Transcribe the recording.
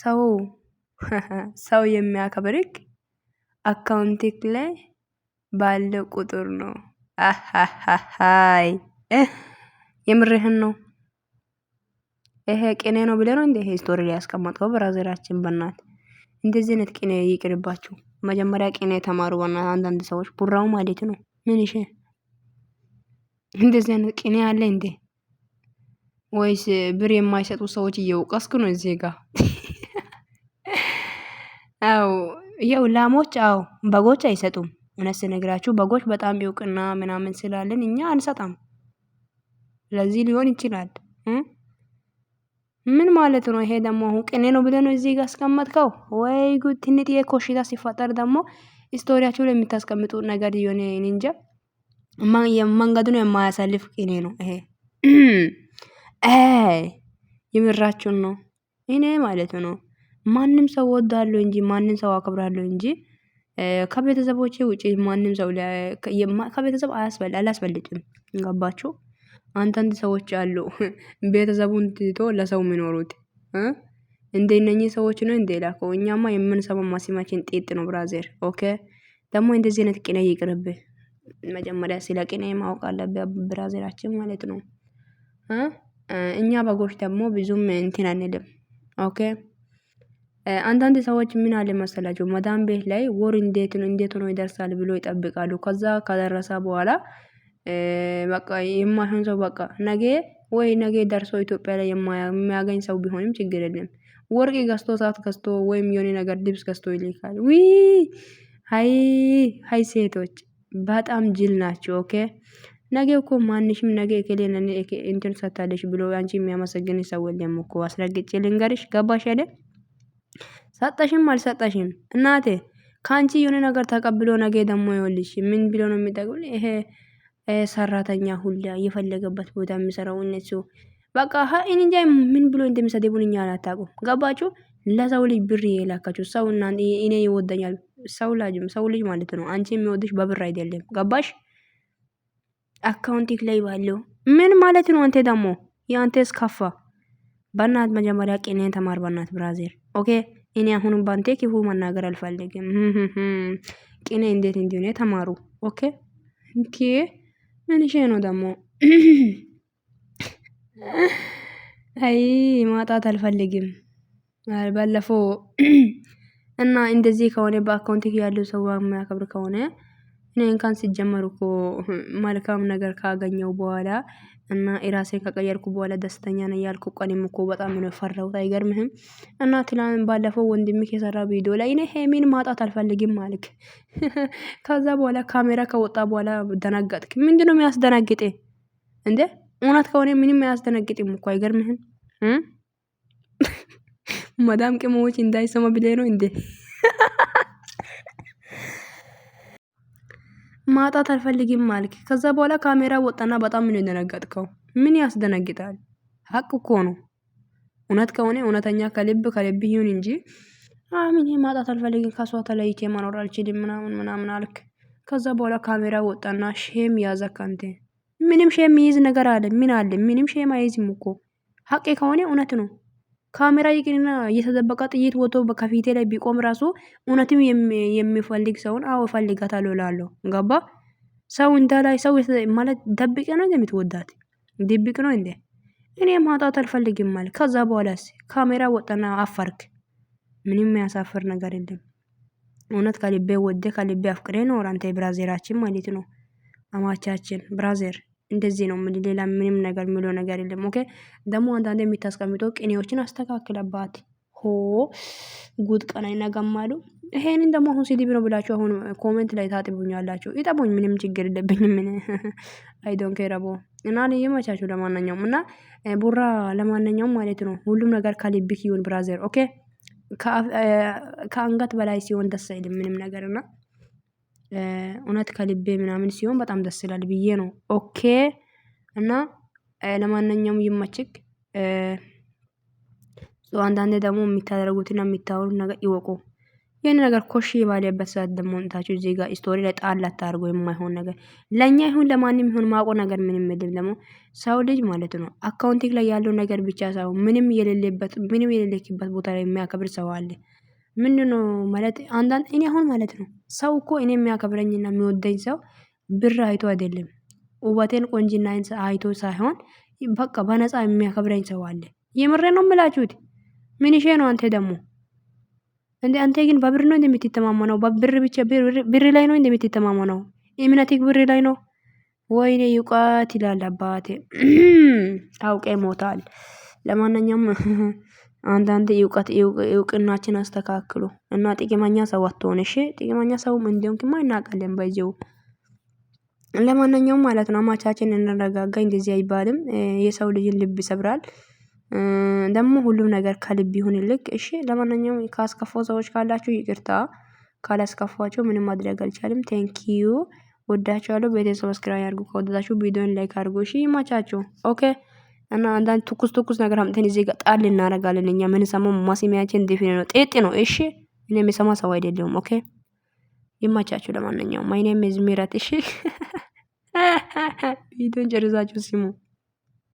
ሰው ሰው የሚያከብርክ አካውንቲክ ላይ ባለ ቁጥር ነው። አሃሃሃይ የምርህን ነው። ይሄ ቅኔ ነው ብለህ ነው እንዴ ስቶሪ ላይ ያስቀመጥከው? ብራዘራችን በናት እንደዚህ አይነት ቅኔ ይቅርባችሁ። መጀመሪያ ቅኔ የተማሩ በና አንዳንድ ሰዎች ቡራው ማለት ነው። ምን ይሽ እንደዚህ አይነት ቅኔ አለ እንዴ? ወይስ ብር የማይሰጡ ሰዎች እየወቀስክ ነው እዚህ ጋር አዎ ያው ላሞች አዎ በጎች አይሰጡም እውነት ስነግራችሁ በጎች በጣም ይውቅና ምናምን ስላለን እኛ አንሰጣም። ስለዚህ ሊሆን ይችላል። ምን ማለት ነው? ይሄ ደግሞ አሁን ቅኔ ነው ብለህ እዚህ ጋር አስቀመጥከው ወይ ጉድ! ትንጥዬ ኮሽታ ሲፈጠር ደግሞ ስቶሪያችሁ ላይ የምታስቀምጡት ነገር የሆነ እኔ እንጃ ነው የማያሳልፍ ቅኔ ነው ይሄ። የምራችሁን ነው እኔ ማለት ነው ማንም ሰው ወዳለው እንጂ ማንም ሰው አከብራለሁ እንጂ ከቤተሰቦቼ ውጪ ማንም ሰው ከቤተሰብ አላስፈልጭም። ገባችሁ? አንዳንድ ሰዎች አሉ ቤተሰቡን ትቶ ለሰው የሚኖሩት እንደ እነኚህ ሰዎች ነው እንደ ላከው እኛማ የምንሰማው ማሲማችን ጤጥ ነው። ብራዘር ኦኬ። ደግሞ እንደዚህ አይነት ቅኔ ይቅርብህ። መጀመሪያ ስለ ቅኔ ማወቅ አለብ ብራዘራችን ማለት ነው። እኛ በጎች ደግሞ ብዙም እንትን አንልም። ኦኬ አንዳንድ ሰዎች ምን አለ መሰላቸው መዳም ቤት ላይ ወር እንዴት ነው እንዴት ነው ይደርሳል ብሎ ይጠብቃሉ። ከዛ ከደረሰ በኋላ በቃ የማይሆን ሰው በቃ ነገ ወይ ነገ ደርሶ ኢትዮጵያ ላይ የሚያገኝ ሰው ቢሆንም ችግር የለም። ወርቅ ገዝቶ ሰዓት ገዝቶ ወይም የሆነ ነገር ልብስ ገዝቶ ይልካል። ውይ ሀይ አይ ሴቶች በጣም ጅል ናቸው። ኦኬ ነገ እኮ ማንሽም ነገ እከሌን እንትን ሰታለሽ ብሎ አንቺ የሚያመሰግን ሰው የለም እኮ አስረግጬ ልንገርሽ። ገባሽ አይደል? ሰጠሽም አልሰጠሽም እናቴ ከአንቺ የሆነ ነገር ተቀብሎ ነገ ደግሞ ይወልሽ ምን ብሎ ነው የሚጠቅም? ይሄ ሰራተኛ ሁላ የፈለገበት ቦታ የሚሰራው እነሱ በቃ እኔ እንጃ ምን ብሎ እንደሚሰደቡን እኛ አላታቁም። ገባችሁ? ለሰው ልጅ ብር የላካችሁ ሰው እና እኔ ይወደኛል ሰው ላጅም ሰው ልጅ ማለት ነው። አንቺ የሚወድሽ በብር አይደለም። ገባሽ? አካውንቲክ ላይ ባለው ምን ማለት ነው? አንተ ደግሞ የአንተስ ከፋ በናት መጀመሪያ ቅኔ ተማር። በናት ብራዜር ኦኬ። እኔ አሁን ባንቴ ክፉ መናገር አልፈልግም። ቅኔ እንዴት እንዲሆነ ተማሩ። ኦኬ ኦኬ። ምንሽ ነው ደግሞ? አይ ማጣት አልፈልግም። ባለፈው እና እንደዚህ ከሆነ በአካውንት ያለው ሰው የሚያከብር ከሆነ እኔ እንኳን ሲጀመር እኮ መልካም ነገር ካገኘው በኋላ እና የራሴን ከቀየርኩ በኋላ ደስተኛ ነኝ ያልኩ ቀኔም እኮ በጣም ነው የፈራሁት። አይገርምህም? እና ትላንት ባለፈው ወንድምህ የሰራው ቪዲዮ ላይ እኔ ሄሚን ማጣት አልፈልግም አልክ። ከዛ በኋላ ካሜራ ከወጣ በኋላ ደነገጥክ። ምንድነው የሚያስደነግጥ? እንዴ እውነት ከሆነ ምንም አያስደነግጥም እኮ አይገርምህም? መዳም ቅመሞች እንዳይሰማ ብለህ ነው እንዴ? ማጣት አልፈልግም ማልክ ከዛ በኋላ ካሜራ ወጣና በጣም ምን የደነገጥከው? ምን ያስደነግጣል? ሀቅ እኮ ነው። እውነት ከሆነ እውነተኛ ከልብ ከልብ ይሁን እንጂ አምን ማጣት አልፈልግም ከሷ ተለይቼ መኖር አልችልም ምናምን ምናምን አልክ። ከዛ በኋላ ካሜራ ወጣና ሼም ያዘካንቴ። ምንም ሼም ይይዝ ነገር አለ? ምን አለ? ምንም ሼም አይዝም እኮ ሀቄ ከሆነ እውነት ነው። ካሜራ ይቅንና እየተዘበቀ ጥይት ወቶ ከፊቴ ላይ ቢቆም ራሱ እውነትም የሚፈልግ ሰውን አዎ እፈልጋታለሁ እላለሁ። ገባ ሰው እንዳላይ ሰው ማለት ደብቅ ነው የምትወዳት ደብቅ ነው እንዴ? እኔ ማጣት አልፈልግም ማለት ከዛ በኋላስ ካሜራ ወጣና አፋርክ። ምንም የሚያሳፍር ነገር የለም። እውነት ከልቤ ወደ ከልቤ አፍቅሬ ነው ራንተ ብራዜራችን ማለት ነው። አማቻችን ብራዜር እንደዚህ ነው የምልህ። ሌላ ምንም ነገር ምሎ ነገር የለም። ኦኬ ደግሞ አንዳንድ የምታስቀምጠው ቅኔዎችን አስተካክለባት። ሆ ጉድ ቀን አይነጋም ይሄንን ደግሞ አሁን ሲዲቢ ነው ብላችሁ አሁን ኮሜንት ላይ ታጥቡኛላችሁ። ይጠቡኝ፣ ምንም ችግር የለብኝ። ምን አይዶን ከረቦ እና ይመቻችሁ። ለማናኛውም እና ቡራ ለማናኛውም ማለት ነው ሁሉም ነገር ከልብክ ይሁን ብራዘር። ኦኬ ከአንገት በላይ ሲሆን ደስ አይልም ምንም ነገር እና እውነት ከልቤ ምናምን ሲሆን በጣም ደስ ይላል ብዬ ነው። ኦኬ እና ለማንኛውም ይመችክ። አንዳንዴ ደግሞ የሚታደረጉትና የምታወሩት ነገር ይወቁ። ይህን ነገር ኮሽ የባለበት ሰዓት ደግሞ መጥታችሁ እዚህ ጋር ስቶሪ ላይ ጣል የማይሆን ነገር ለእኛ ይሁን ለማንም ይሁን ማቆ ነገር ምንም የለም። ደግሞ ሰው ልጅ ማለት ነው አካውንቲንግ ላይ ያለው ነገር ብቻ ሳይሆን ምንም የሌለበት ምንም የሌለክበት ቦታ ላይ የሚያከብር ሰው አለ ምንድነው? ማለት አንዳንድ እኔ አሁን ማለት ነው ሰው እኮ እኔ የሚያከብረኝና የሚወደኝ ሰው ብር አይቶ አይደለም ውበቴን ቆንጅና አይቶ ሳይሆን በቃ በነፃ የሚያከብረኝ ሰው አለ የምሬ ነው ምላችሁት? ምንሼ ነው አንተ ደግሞ እንዴ? አንተ ግን በብር ነው እንደምትተማመነው በብር ብቻ ብር ላይ ነው እንደምትተማመነው እምነትህ ብር ላይ ነው። ወይኔ ይውቃት ይላል አባቴ አውቀ ሞታል። ለማንኛውም አንዳንድ እውቀት እውቅናችን አስተካክሉ እና ጥቅመኛ ሰው አትሆን። እሺ ጥቅመኛ ሰውም ግማ እናውቃለን። ባይዘው ለማንኛውም ማለት ነው አማቻችን እንረጋጋ። እንደዚህ አይባልም። የሰው ልጅን ልብ ይሰብራል። ደግሞ ሁሉም ነገር ከልብ ይሁን ልክ። እሺ ለማንኛውም ካስከፋው ሰዎች ካላችሁ ይቅርታ፣ ካላስከፋችሁ ምንም ማድረግ አልቻልም። ቴንኪዩ ወዳቸዋለሁ። ቤተሰብ ሰብስክራይብ አድርጉ። ከወደዳችሁ ቪዲዮን ላይክ አድርጉ። እሺ ይማቻችሁ። ኦኬ እና አንዳንድ ትኩስ ትኩስ ነገር አምጥተን እዚህ ጋር ጣል እናደርጋለን። እኛ ሰማ ማሰሚያችን ዲፊን ነው፣ ጤጥ ነው። እሺ እኔ የሚሰማ ሰው አይደለሁም። ኦኬ ይማቻችሁ። ለማንኛውም ማይ ኔም እሺ ቪዲዮን ጨርሳችሁ ሲሙ